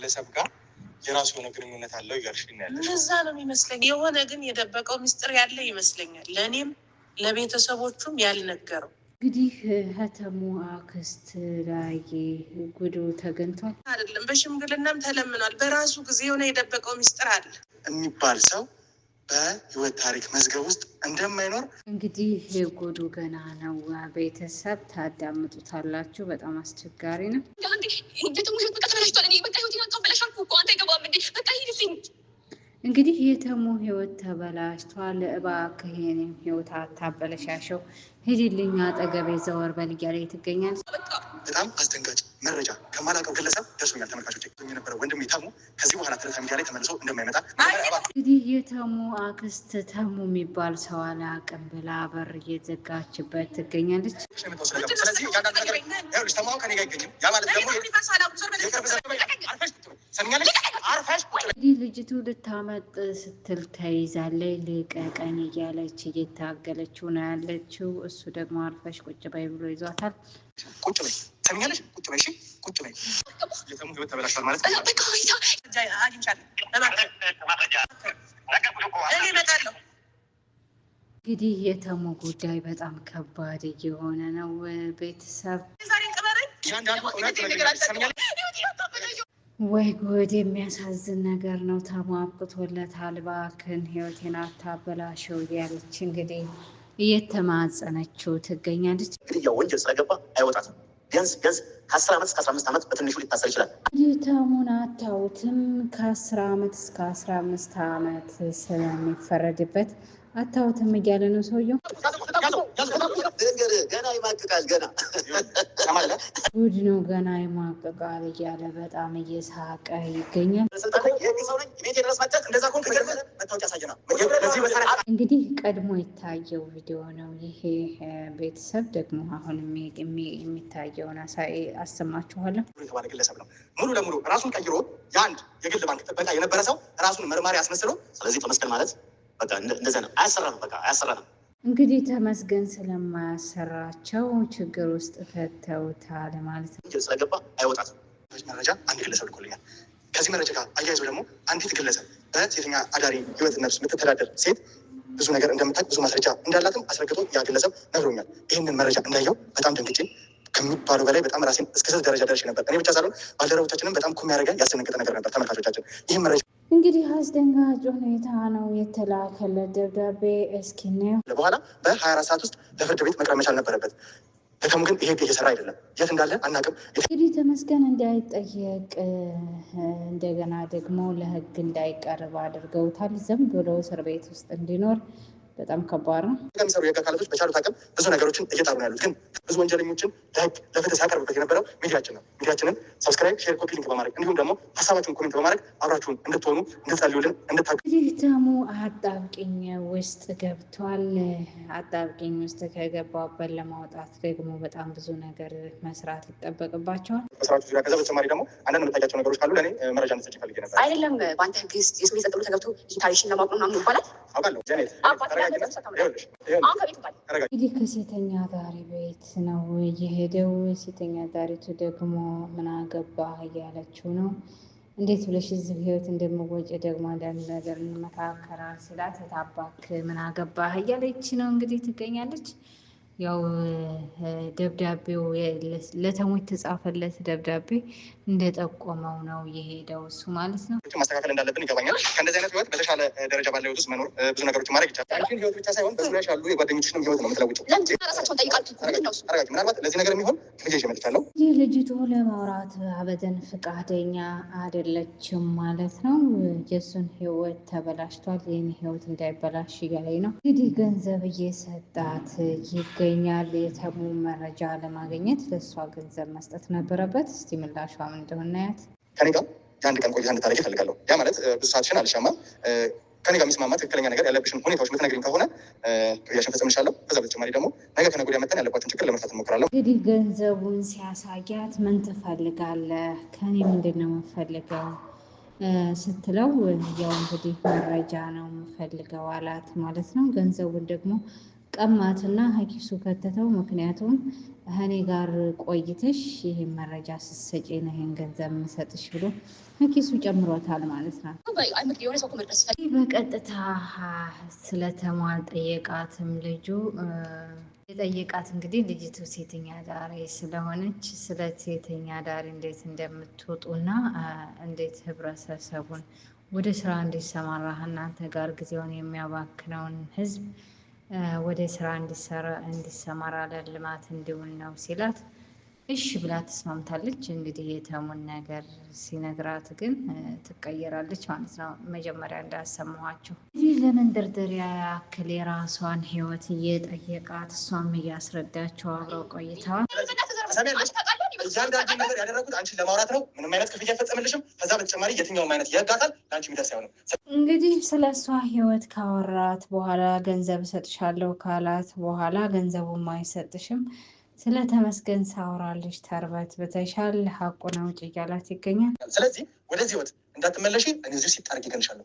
ግለሰብ ጋር የራሱ የሆነ ግንኙነት አለው እያልሽኝ ነው እዛ ነው የሚመስለኝ። የሆነ ግን የደበቀው ምስጢር ያለ ይመስለኛል። ለእኔም ለቤተሰቦቹም ያልነገረው እንግዲህ ህተሙ አክስት ላይ ጉዱ ተገኝቷል አይደለም። በሽምግልናም ተለምኗል። በራሱ ጊዜ የሆነ የደበቀው ምስጢር አለ የሚባል ሰው በህይወት ታሪክ መዝገብ ውስጥ እንደማይኖር እንግዲህ የጎዱ ገና ነው። ቤተሰብ ታዳምጡታላችሁ። በጣም አስቸጋሪ ነው። እንግዲህ የተሙ ህይወት ተበላሽቷል። እባክህ የእኔም ህይወት አታበለሻሸው ሂድልኝ አጠገቤ ዘወር በል እያለኝ ትገኛለች። በጣም አስደንጋጭ መረጃ ከማላውቀው ግለሰብ ደርሶኛል። ተመልካቾች የነበረው ወንድም ተሙ ከዚህ በኋላ ተረታ ሚዲያ ላይ ተመልሶ እንደማይመጣ እንግዲህ የተሙ አክስት ተሙ የሚባል ሰው አላውቅም ብላ በር እየዘጋችበት ትገኛለች። ስለዚህ እንግዲህ ልጅቱ ልታመጥ ስትል ተይዛለች። ልቀቀን እያለች እየታገለችው ነው ያለችው። እሱ ደግሞ አርፈሽ ቁጭ በይ ብሎ ይዟታል። ቁጭ በይ ሰሚያለሽ፣ ቁጭ በይ፣ ቁጭ በይ። የተሙ ህይወት ተበላሽቷል ማለት እንግዲህ የተሙ ጉዳይ በጣም ከባድ እየሆነ ነው ቤተሰብ ወይ ጉድ! የሚያሳዝን ነገር ነው። ተሟብቅቶለታል። እባክህን ህይወቴን አታበላሸው ያለች እንግዲህ እየተማጸነችው ትገኛለች። ግድያ ወንጀል ስለገባ አይወጣትም። ቢያንስ ቢያንስ ከአስር ዓመት እስከ አስራ አምስት ዓመት በትንሹ ሊታሰር ይችላል። ታሙን አታውትም ከአስር ዓመት እስከ አስራ አምስት ዓመት ስለሚፈረድበት አታወትም እያለ ነው ሰውየው። ጉድ ነው ገና ይማቅቃል እያለ በጣም እየሳቀ ይገኛል። እንግዲህ ቀድሞ የታየው ቪዲዮ ነው ይሄ። ቤተሰብ ደግሞ አሁን የሚታየውን አሰማችኋለሁ። ግለሰብ ነው ሙሉ ለሙሉ ራሱን ቀይሮ የአንድ የግል ባንክ ጥበቃ የነበረ ሰው ራሱን መርማሪ አስመስሎ ስለዚህ ተመስገን ማለት በቃ እንደዛ ነው። አያሰራም፣ በቃ አያሰራም። እንግዲህ ተመስገን ስለማያሰራቸው ችግር ውስጥ ፈተውታል ማለት ነው። ስለገባ አይወጣትም። መረጃ አንድ ግለሰብ ልኮልኛል። ከዚህ መረጃ ጋር አያይዞ ደግሞ አንዲት ግለሰብ በሴተኛ አዳሪ ህይወት ነፍስ የምትተዳደር ሴት ብዙ ነገር እንደምታውቅ ብዙ ማስረጃ እንዳላትም አስረግጦ ያ ግለሰብ ነግሮኛል። ይህንን መረጃ እንዳየው በጣም ደንግጬ ከሚባለው በላይ በጣም ራሴን እስከ ስህተት ደረጃ ደርሼ ነበር። እኔ ብቻ ሳልሆን ባልደረቦቻችንም በጣም እኮ ያደረገ ያስደነገጠ ነገር ነበር። ተመልካቾቻችን ይህን መረጃ እንግዲህ አስደንጋጭ ሁኔታ ነው የተላከለት ደብዳቤ። እስኪ ነው በኋላ በሀያ አራት ሰዓት ውስጥ ለፍርድ ቤት መቅረብ መቻል ነበረበት። ደከሙ ግን ይሄ እየሰራ አይደለም። የት እንዳለ አናውቅም። እንግዲህ ተመስገን እንዳይጠየቅ እንደገና ደግሞ ለህግ እንዳይቀርብ አድርገውታል። ዘም ብሎ እስር ቤት ውስጥ እንዲኖር በጣም ከባድ ነው። የሚሰሩ የህግ አካላቶች በቻሉት አቅም ብዙ ነገሮችን እየጣሩ ነው ያሉት። ግን ብዙ ወንጀለኞችን ለህግ ለፍትህ ሲያቀርብበት የነበረው ሚዲያችን ነው። ሚዲያችንን ሰብስክራይብ፣ ሼር፣ ኮፒ ሊንክ በማድረግ እንዲሁም ደግሞ ሀሳባችሁን ኮሜንት በማድረግ አብራችሁን እንድትሆኑ እንድትጸልዩልን እንድታ ይህ ደግሞ አጣብቂኝ ውስጥ ገብቷል። አጣብቂኝ ውስጥ ከገባበት ለማውጣት ደግሞ በጣም ብዙ ነገር መስራት ይጠበቅባቸዋል። መስራቱ ዙሪያ ከዛ በተጨማሪ ደግሞ አንዳንድ የምታያቸው ነገሮች ካሉ ለእኔ መረጃ እንድትሰጪ ይፈልግ ነበር። አይደለም በአንተ ህግ የሰው የጸጥሎ ተገብቶ ይታሪሽን ለማቁ ምናምን ይባላል አውቃለሁ ጀኔት እንግዲህ ከሴተኛ አዳሪ ቤት ነው የሄደው። ሴተኛ አዳሪቱ ደግሞ ምን እያለችው ነው። እንዴት ብለሽ እዚህ ህይወት እንደምወጪ ደግሞ አንዳንድ ነገር እንመካከራል ስላት ታባክ ምን አገባህ እያለች ነው እንግዲህ ትገኛለች። ያው ደብዳቤው ለተሞች ተጻፈለት ደብዳቤ እንደጠቆመው ነው የሄደው እሱ ማለት ነው። ማስተካከል እንዳለብን ይገባኛል። ከእንደዚህ አይነት ህይወት በተሻለ ደረጃ ባለ ህይወት ውስጥ መኖር ብዙ ነገሮች ማድረግ ይቻላል። ግን ህይወት ብቻ ሳይሆን በዙሪያሽ ያሉ የጓደኞችንም ህይወት ነው የምትለውጭው። ምናልባት ለዚህ ነገር የሚሆን ልጅ መልቻለው። ይህ ልጅቱ ለማውራት አበደን ፍቃደኛ አይደለችም ማለት ነው። የእሱን ህይወት ተበላሽቷል። ይህን ህይወት እንዳይበላሽ እያለኝ ነው እንግዲህ ገንዘብ እየሰጣት ይገኛል። የተሙ መረጃ ለማግኘት ለእሷ ገንዘብ መስጠት ነበረበት። እስቲ ምላሿ ምን እንደሆነ እናያት። ከኔ ጋር የአንድ ቀን ቆይታ እንድታደርጊ እፈልጋለሁ። ያ ማለት ብዙ ሰዓትሽን አልሻማም። ከኔ ጋር የሚስማማ ትክክለኛ ነገር ያለብሽን ሁኔታዎች ምትነግሪኝ ከሆነ ያሽን ፈጽምሻለሁ። ከዛ በተጨማሪ ደግሞ ነገ ከነገ ወዲያ መጠን ያለባትን ችግር ለመፍታት እሞክራለሁ። እንግዲህ ገንዘቡን ሲያሳያት ምን ትፈልጋለህ? ከኔ ምንድን ነው የምፈልገው ስትለው ያው እንግዲህ መረጃ ነው የምፈልገው አላት ማለት ነው። ገንዘቡን ደግሞ ቀማትና ሀኪሱ ከተተው። ምክንያቱም እኔ ጋር ቆይተሽ ይህ መረጃ ስትሰጪ ነው ገንዘብ የምሰጥሽ ብሎ ሀኪሱ ጨምሮታል ማለት ነው። በቀጥታ ስለተሟል ጠየቃትም ልጁ የጠየቃት እንግዲህ ልጅቱ ሴተኛ ዳሪ ስለሆነች ስለ ሴተኛ ዳሪ እንዴት እንደምትወጡና እንዴት ህብረተሰቡን ወደ ስራ እንዲሰማራህ እናንተ ጋር ጊዜውን የሚያባክነውን ህዝብ ወደ ስራ እንዲሰማራ ለልማት እንዲውል ነው ሲላት እሺ ብላ ተስማምታለች። እንግዲህ የተሙን ነገር ሲነግራት ግን ትቀየራለች ማለት ነው። መጀመሪያ እንዳሰማኋችሁ እንግዲህ ለመንደርደሪያ ያክል የራሷን ህይወት እየጠየቃት እሷም እያስረዳቸው አብረው ቆይተዋል። እያንዳንዱ ነገር ያደረጉት አንቺን ለማውራት ነው። ምንም አይነት ክፍያ አይፈጸምልሽም። ከዛ በተጨማሪ የትኛውም አይነት የህግ አካል ለአንቺ የሚደርስ አይሆንም። እንግዲህ ስለ እሷ ህይወት ካወራት በኋላ ገንዘብ እሰጥሻለሁ ካላት በኋላ ገንዘቡም አይሰጥሽም። ስለ ተመስገን ሳውራልሽ ተርበት በተሻል ሀቁን አውጪ እያላት ይገኛል። ስለዚህ ወደዚህ ህይወት እንዳትመለሽ እዚሁ ሲጣርግ ይገልሻለሁ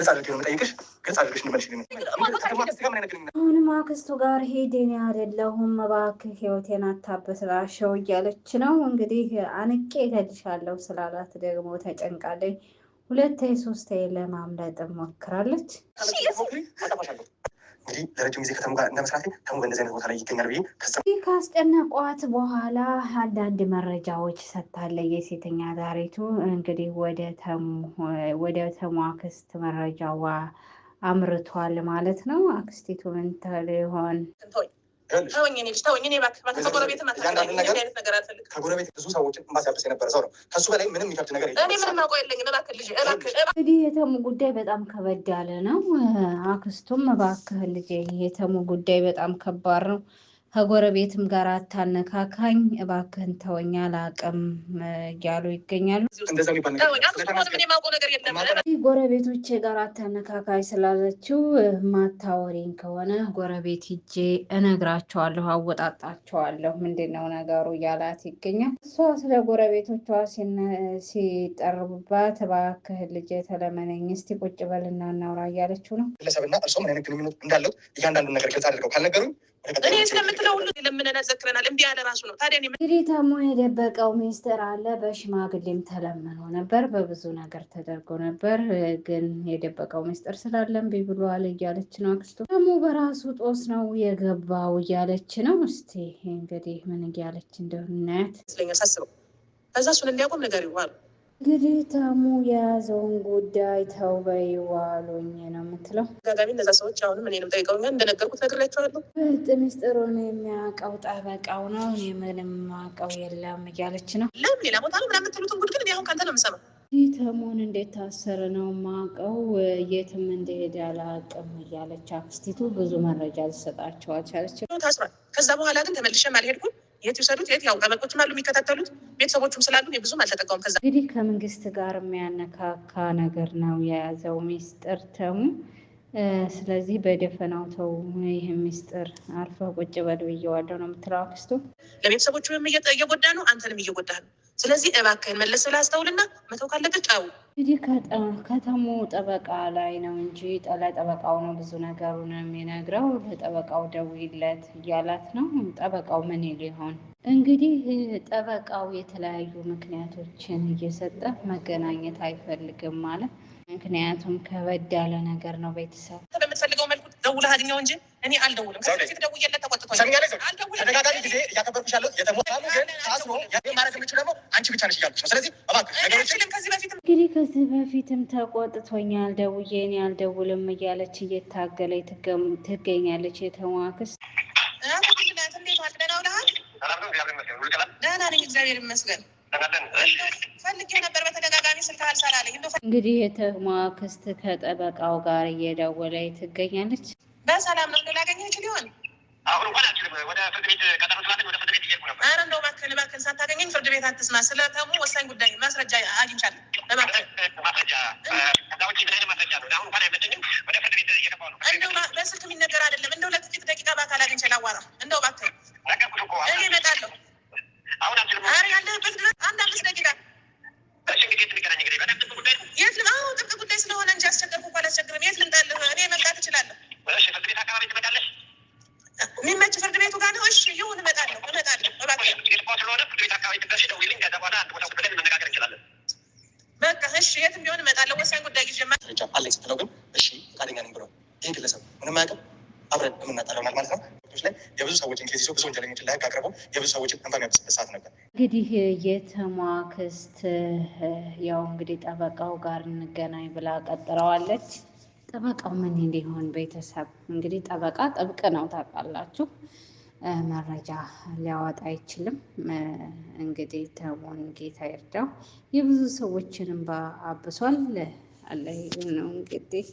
ግልጽ አድርጌ አሁንም አክስቱ ጋር ሄደን አይደለሁም እባክህ ህይወቴን አታበስራሸው እያለች ነው እንግዲህ። አንቄ እገልሻለሁ ስላላት ደግሞ ተጨንቃለኝ። ሁለት ሶስት ለማምለጥ ሞክራለች። እንግዲህ ለረጅም ጊዜ ከተሙ ጋር ተሙ በእነዚህ አይነት ቦታ ላይ ይገኛል ብዬ ካስጨነቋት በኋላ አንዳንድ መረጃዎች ሰጥታለ የሴተኛ ዳሪቱ እንግዲህ ወደ ተሙ አክስት መረጃዋ አምርቷል ማለት ነው። አክስቲቱ ምን ይሆን? ከጎረቤት ብዙ ሰዎችን እንባ የነበረ ሰው ነው። ከሱ በላይ ምንም የሚከብድ ነገር እንግዲህ የተሙ ጉዳይ በጣም ከበድ ያለ ነው። አክስቱም እባክህ ልጄ የተሙ ጉዳይ በጣም ከባድ ነው። ከጎረቤትም ጋር አታነካካኝ እባክህን ተወኛ አላቅም እያሉ ይገኛሉ። ጎረቤቶቼ ጋር አታነካካኝ ስላለችው ማታወሪኝ ከሆነ ጎረቤት ሂጄ እነግራቸዋለሁ፣ አወጣጣቸዋለሁ ምንድን ነው ነገሩ እያላት ይገኛል። እሷ ስለ ጎረቤቶቿ ሲጠርቡባት እባክህ ልጄ ተለመነኝ እስቲ ቁጭ በልና እናውራ እያለችው ነው። ግለሰብና እርሶ ምን አይነት ግንኙነት እንዳለው እያንዳንዱ ነገር ግልጽ አድርገው ካልነገሩኝ እኔ ስለምትለው ሁሉ ለምነን ዘክረናል። እምቢ ያለ ራሱ ነው። ታዲያ እንግዲህ ታሞ የደበቀው ሚስጥር አለ። በሽማግሌም ተለምኖ ነበር፣ በብዙ ነገር ተደርጎ ነበር። ግን የደበቀው ሚስጥር ስላለ እምቢ ብሏል እያለች ነው አክስቱ። ደግሞ በራሱ ጦስ ነው የገባው እያለች ነው። እስቲ እንግዲህ ምን እያለች እንደሆነ እናያት። ስለኛ ሳስበው ከዛ እሱን እንዲያቆም ነገር ይዋሉ እንግዲህ ታሙ የያዘውን ጉዳይ ተውበይ ዋሎኝ ነው የምትለው። አጋጣሚ እነዛ ሰዎች አሁንም እኔንም ጠይቀውኛል፣ እንደነገርኩት ነግሬያቸዋለሁ። በጥ ሚስጥሩን የሚያውቀው ጠበቃው ነው፣ እኔ ምንም አውቀው የለም እያለች ነው። ለምን ሌላ ቦታ ነው ምናምን ትሉትን ጉድ ግን እኔ አሁን ከአንተ ነው የምሰማው ተሙን እንዴት ታሰረ ነው ማቀው፣ የትም እንደሄደ አላቅም እያለች አክስቲቱ ብዙ መረጃ ልሰጣቸው አልቻለች። ታስሯል። ከዛ በኋላ ግን ተመልሼም አልሄድኩም። የት ይውሰዱት የት ያው ጠበቆችም አሉ የሚከታተሉት ቤተሰቦቹም ስላሉ ብዙም አልተጠቀሙም። ከዛ እንግዲህ ከመንግስት ጋር የሚያነካካ ነገር ነው የያዘው ሚስጥር ተሙ። ስለዚህ በደፈናው ተው፣ ይህ ሚስጥር አልፈህ ቁጭ በል ብዬዋለሁ ነው የምትለው አክስቱ። ለቤተሰቦቹም እየጎዳ ነው፣ አንተንም እየጎዳ ነው ስለዚህ እባክህን መለስ ብለህ አስተውልና መተው ካለበት ጫው። እንግዲህ ከተሙ ጠበቃ ላይ ነው እንጂ ጠበቃው ነው ብዙ ነገሩን የሚነግረው። ለጠበቃው ደውይለት እያላት ነው። ጠበቃው ምን ይል ይሆን እንግዲህ ጠበቃው የተለያዩ ምክንያቶችን እየሰጠ መገናኘት አይፈልግም ማለት ምክንያቱም ከበድ ያለ ነገር ነው ቤተሰብ ደውለህ እንጂ እኔ አልደውልም። ከዚህ በፊት ደውዬለት ተቆጥቶኝ ተደጋጋሚ ጊዜ እያከበርኩሽ ያለው የተሞታሉ ግን ታስሮ ማለት የምችል ደግሞ አንቺ ብቻ ነሽ እያልኩሽ ነው። ስለዚህ እባክሽ እንግዲህ ከዚህ በፊትም ተቆጥቶኛል ደውዬ እኔ አልደውልም እያለች እየታገለች ትገኛለች። የተሟክስ ደህና ነኝ እግዚአብሔር ይመስገን። እንግዲህ የተማ ክስት ከጠበቃው ጋር እየደወለ ትገኛለች። በሰላም ነው እንደላገኘች ሊሆን አሁን ወደ ፍርድ ቤት ቀጠሮ ስላለ ወደ ፍርድ ቤት ነበር። ሳታገኘኝ ፍርድ ቤት አትስማ። ስለ ተሙ ወሳኝ ጉዳይ ማስረጃ አግኝቻለሁ። ማስረጃ ነው? አሁን ወደ ፍርድ ቤት ነው። በስልክ የሚነገር አይደለም። እንደው ለጥቂት ደቂቃ በአካል አግኝቼ ላዋራው እንደው እባክህ ሰዎች ከንፈር ያብስበሳት ነበር። እንግዲህ የተሟክስት ያው እንግዲህ ጠበቃው ጋር እንገናኝ ብላ ቀጥረዋለች። ጠበቃው ምን እንዲሆን ቤተሰብ እንግዲህ ጠበቃ ጥብቅ ነው ታውቃላችሁ። መረጃ ሊያወጣ አይችልም። እንግዲህ ተሞን ጌታ ይርዳው። የብዙ ሰዎችንም እንባ አብሷል። አለ ነው እንግዲህ